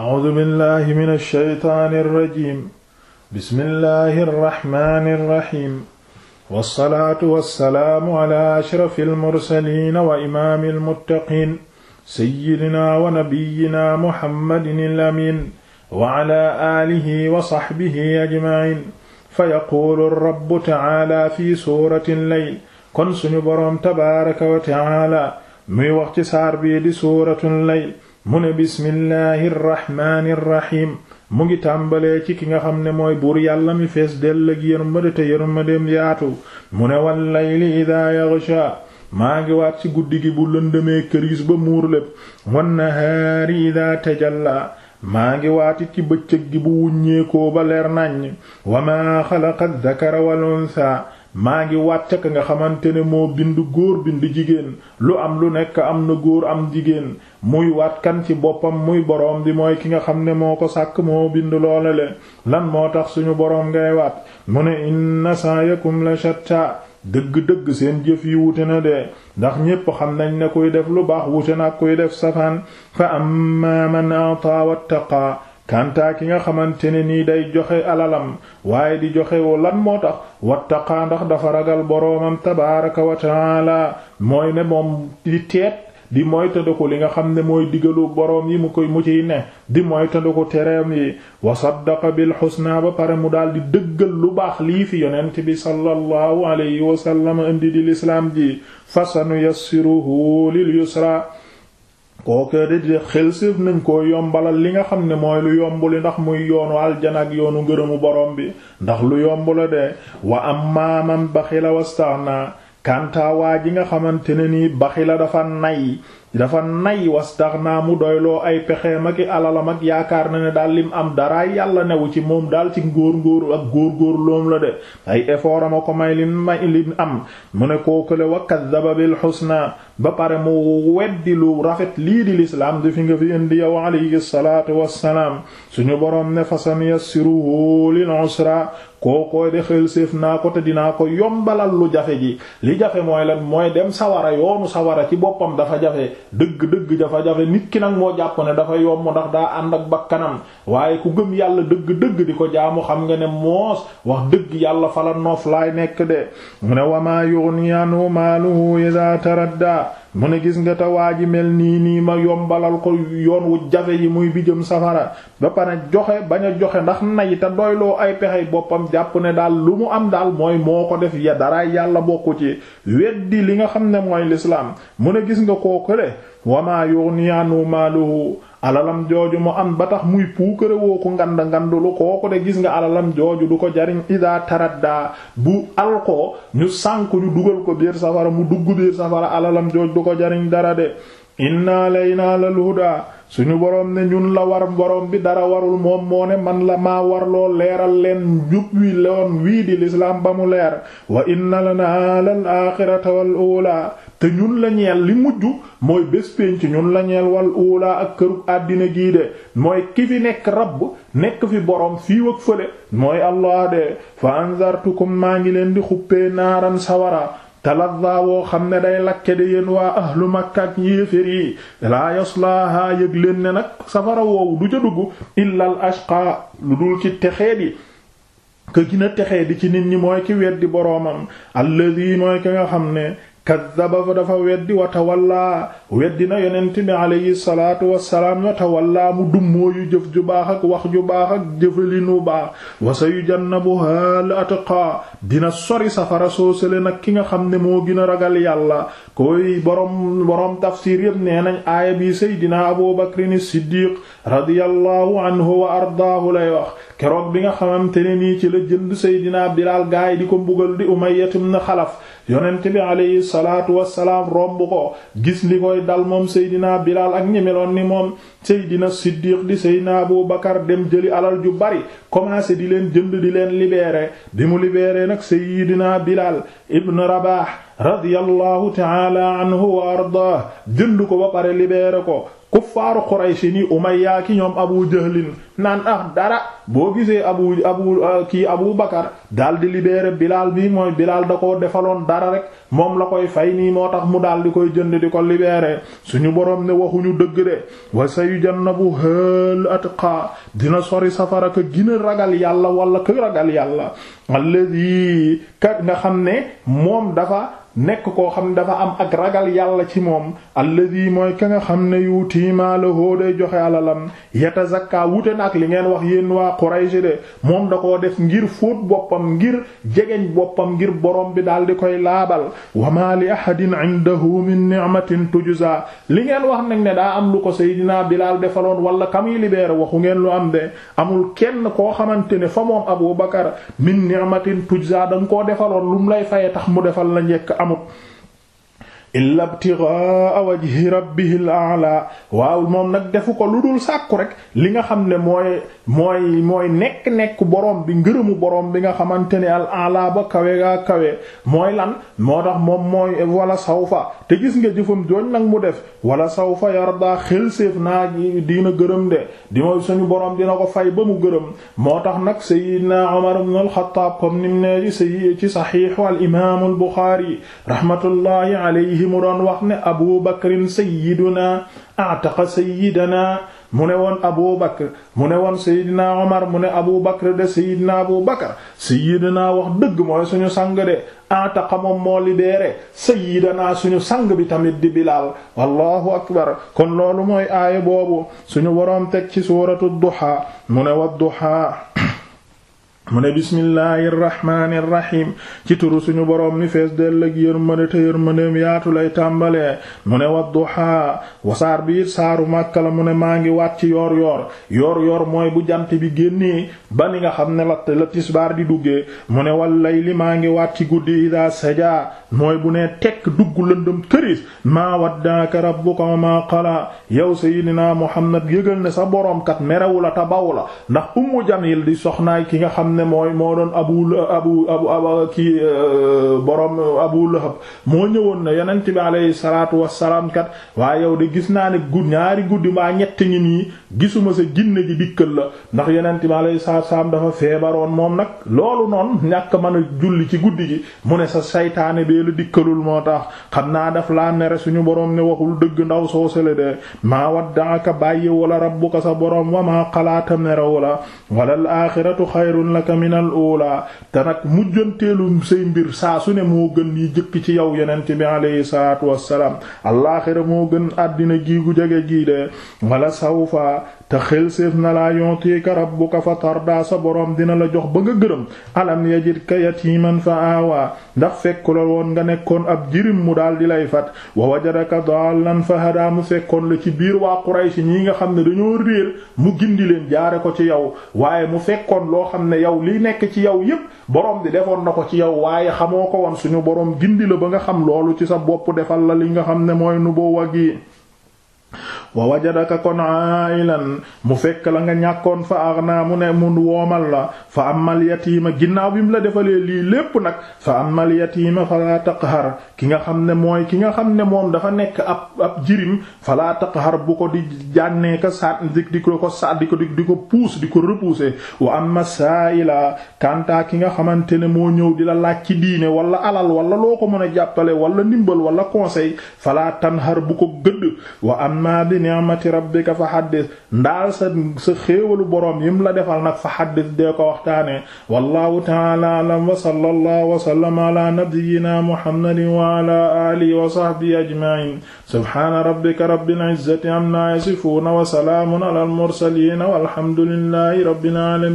A'uuzu billaahi mina shaytaani rajiim bismillaahi rahmaani rahiim wassalaatu wassalaamu alaa ashrafil mursaliina wa imaamil muttaqiin sayyidinaa wa nabiyyinaa Muhammadinil amiin wa alaa aalihi wa sahbihi ajma'iin fayaquulu rabbu ta'aalaa fi suuratil layl kon suñu boroom tabaaraka wa ta'aalaa muy wax ci saar bii di suuratul layl mu ne bismillahi rrahmaani rrahim mu ngi tàmbalee ci ki nga xam ne mooy buur yàlla mi fees dell ak yërmande te yërmandeem yaatu mu ne wal layli idaa yaghsha maa ngi waat ci guddi gi bu lëndëmee këris ba muur lépp wan nahaari idaa tajalla maa ngi waatit ci bëccëg gi bu wuññeekoo ba leer naññ wa maa xalaqa dhakara wal untha maa ngi wàcc ka nga xamante ne moo bind góor bind jigéen lu am lu nekk am na góor am jigéen muy waat kan ci boppam muy boroom bi mooy ki nga xam ne moo ko sàkk moo bind loola le lan moo tax suñu boroom ngay waat mu ne inna sa'yakum la shatta dëgg-dëgg seen jëf yi wute na de ndax ñépp xam nañ ne kuy def lu baax wute na kuy def safaan fa amma man a'ta wattaqa kantaa ki nga xamante ne nii day joxe alalam waaye di joxe wo lan moo tax wattaqaa ndax dafa ragal boroomam tabaaraka wa taala mooy ne moom di teet di moytandiku li nga xam ne mooy digalu boroom yi mu koy mu ne di moytandiku tereem yi wa saddaqa bi xusna ba pare mu daal di dëggal lu baax lii fi yonent bi sallallahu alayhi wa sallam indi di lislaam ji fa sanuyassiruhu lil yusra kooke de xel séef nañ koo yombalal li nga xam ne mooy lu yomb li ndax muy yoonu aljana ak yoonu ngërëmu borom bi ndax lu yomb la de wa ammaa man baxila wastaxna kàntaa waa ji nga xamante ne nii la dafa nay dafa nay wastaxnaa mu doyloo ay pexeem ak alalam ak yaakaar na ne daal lim am daraay yàlla newu ci moom daal ci ngóor nguur ak góor góor loom la de ay effort ko may lim am mu ne kookale wa kaddaba bil xusna ba pare mu weddi lu rafet lii di lislaam di fi nga fi indi yow alayhi salaatu wassalaam suñu borom ne fasanyassiruhu lil usra kookooy de xel naa ko te dinaa ko yombalal lu jafe ji li jafe mooy lan mooy dem sawara yoonu sawara ci boppam dafa jafe dëgg-dëgg jafe-jafe nit ki nag moo jàpp ne dafa yomb ndax daa ànd ak bakkanam waaye ku gëm yàlla dëgg-dëgg di ko jaamu xam nga ne moos wax dëgg yàlla fala noof laay nekk de mu ne wamaa yughni anhu maaluhu idha mu ne gis nga te waa ji mel nii nii ma yombalal ko yoon wu jafe yi muy bi jëm safara ba pare joxe bañ a joxe ndax nay te doyloo ay pexe boppam jàpp ne daal lu mu am daal mooy moo ko def ya dara yàlla bokku ci di li nga xam ne mooy lislaam mu ne gis nga koo kële wamaa yughni anhu maaluhu alalam jooju mu am ba tax muy puukare woo ko nganda ngandulu kooku de gis nga alalam jooju du ko jariñ ida taradda bu alkoo ñu sànk ñu dugal ko biir safara mu dugg biir safara alalam jooju du ko jariñ dara de inna la lal huda suñu boroom ne ñun la war boroom bi dara warul moom moo ne man la maa warloo leeral leen jub wi loon wii di lislaam ba mu leer wa inna lana lal axirata wal ula te ñun la li mujj mooy bés pénc ñun la ñeel wal uulaa ak këru àddina gii de mooy ki fi nekk rabb nekk fi boroom fii ak fële mooy allah de fa anzartukum maa ngi leen di xuppee naaram sawara talazza woo xam ne day lakke de yéen waa ahlu makka ak yéefér yi laa yaslaahaa yëg leen ne nag safara woowu du ca dugg illal ashqa lu dul ci texee di ka gina texee di ci nit ñi mooy ki weddi boroomam alladi mooy ki nga xam ne kaddaba fa dafa weddi wa tawallaa weddi na yonent bi alayhi salaatu wassalaam wa tawallaa mu dummóoyu jëf ju baax ak wax ju baax ak jëfalinu baax wa sayujannabuhaa al atqaa dina sori safara soosale nag ki nga xam ne moo gën a ragal yàlla koy boroom boroom tafsiir yépp nee nañ aaya bi seydina abu bakrin siddiq radiyallahu anhu wa ardaahu lay wax keroog bi nga xamante ne nii ci la jënd Seydina Bilaal gaay di ko mbugal di Umayya ibn Xalaf yonent bi alayhi salaatu wassalaam romb ko gis li koy dal moom Seydina Bilaal ak ñi ni moom Seydina Siddiq di Seydina Abu Bakar dem jëli alal ju bari commencé di leen jënd di leen libérer bi mu libérer nag Seydina Bilaal ibn Rabah radiyallahu ta'ala wa ardaah jënd ko ba pare libeere ko kuffaaru Quraysh ni Umayya ki ñoom Abu Jahlin naan ah dara boo gisee abu abu uh, kii Abu Bakar daal di libéré Bilaal bi mooy Bilaal da koo defaloon dara rek moom la koy fay nii moo tax mu daal di koy jënd di ko libéré suñu boroom ne waxuñu dëgg de wa sayujannabuhal atqa dina sori safara ka gina ragal yàlla wala ka ragal yàlla allazi kat nga xam ne moom dafa nekk koo xam ne dafa am ak ragal yàlla ci moom alladi mooy ka nga xam ne yuuti maalahu day joxe alalam yatazakka wute na ak li ngeen wax yéen waa Quraysh de moom da koo def ngir fóot boppam ngir jegeñ boppam ngir borom bi daal di koy laabal wa ma li ahadin indahu min ni'matin tujza li ngeen wax nag ne daa am lu ko Seydina Bilaal defaloon wala kamuy libérer waxu ngeen lu am de amul kenn koo xamante ne fa moom Abu Bakar min ni'matin tujza da nga koo defaloon lu lay faye tax mu defal la njekk amut illa ibtighaa wajhi rabbihil a'la waaw moom nag defu ko lu dul sàkku rek li nga xam ne mooy mooy mooy nekk-nekk borom bi ngërëmu borom bi nga xamante ne al a'la ba kawe gaa kawe mooy lan moo tax moom mooy wala sawfa te gis nga jëfam jooñ nag mu def wala sawfa yarda xelséef naa diina gërëm de di mooy suñu borom dina ko fay ba mu gërëm moo tax nag sayyidina Umar ibn al-Khattab nim ne ci sahihu al imam al Bukhari rahmatullahi alayhi gi mu doon wax ne abu bakrin sayyiduna ataqa sayyidana mu ne woon abu bakr mu ne woon sayyidina omar mu ne abu bakr de sayyidina abu bakr sayyidina wax dëgg mooy suñu sang de ataqa moom moo libéré sayyidana suñu sang bi tamit di bilaal wallahu akbar kon loolu mooy aaya boobu suñu waroom teg ci suuratu duha mu ne wa duha mu ne bismillahi irrahmani irrahim ci turu suñu boroom ni fees dell ak yërmande te yërmandeem yaatu lay tàmbale mu ne wadduhaa wasaar bi it saaru màkka la mu ne maa ngi waat ci yoor yoor yoor yoor mooy bu jant bi génnee ba ni nga xam ne la la tisbaar di duggee mu ne wal layli maa ngi wat ci guddi ida saja mooy bu nee tekk dugg lëndëm këris maa waddaaka rabbuka wa maa naa yow sayidina Muhammad yëgal ne sa boroom kat merewu la tabawu la ndax ummu Jamil di soxnaay ki nga xam ne mooy moo doon abu abu abu kii euh, boroom Abu Lahab moo ñëwoon na yonent bi alayhi salaatu wassalaam kat waaye yow de gis naa ne gud ñaari guddi maa ñetti ngi nii gisuma sa jinne ji dikkal la ndax yonent bi alayhi salaatu wassalaam dafa feebaroon moom nag loolu noon ñàkk mën a julli ci guddi gi mu ne bi dee la dikkalul moo tax xam naa daf la nere suñu borom ne waxul dëgg ndaw soo sele de maa waddaaka bàyyi wala rabbuka sa borom wa maa xalaata nerewu la wala al axiratu xayrun laka min al ula mbir saa su ne moo gën yi jëkk ci yow yonent bi alayhi salaatu wassalaam alaaxira moo gën àddina gii gu jege gii de wala sawfa te xel séef na laa yontiika rabbuka fa tarda sa borom dina la jox ba nga gërëm alam yajidka yatiman fa awa ndax fekk la woon fekkoon nga nekkoon ab jirim mu daal di lay fat wa wajadaka dallan fa hada mu fekkoon la ci biir waa si ñi nga xam ne dañoo réer mu gindi leen jaare ko ci yow waaye mu fekkoon loo xam ne yow li nekk ci yow yépp borom bi defoon na ko ci yow waaye xamoo ko woon suñu borom gindi la ba nga xam loolu ci sa bopp defal la li nga xam ne mooy nubuwa gi wa wajadaka kon ailan mu fekk la nga ñàkkoon fa aghnaa mu ne mu woomal la fa amal yatiima ginnaaw bi mu la defalee lii lépp nag fa amal yatiima falaa taqhar ki nga xam ne mooy ki nga xam ne moom dafa nekk ab ab jirim falaa taqhar bu ko di jànnee ka sa di di ko sa di ko di ko puus di ko repousser wa amma la kanta ki nga xamante ne moo ñëw di la laaj ci diine wala alal wala loo ko mën a jàppale wala ndimbal wala conseil falaa tanhar bu ko gëdd wa amma ni'mati rabbika fa xaddis ndaal sa sa xéewalu boroom yim la defal nag fa xaddis dee ko waxtaane wallahu ta'ala a'lam wa sallallahu wa sallama ala nabiyyina muhammadin wa ala alihi wa sahbihi ajma'in subhana rabbika rabbil izzati amma yasifun wa salamun ala al mursalin walhamdulillahi rabbil alamin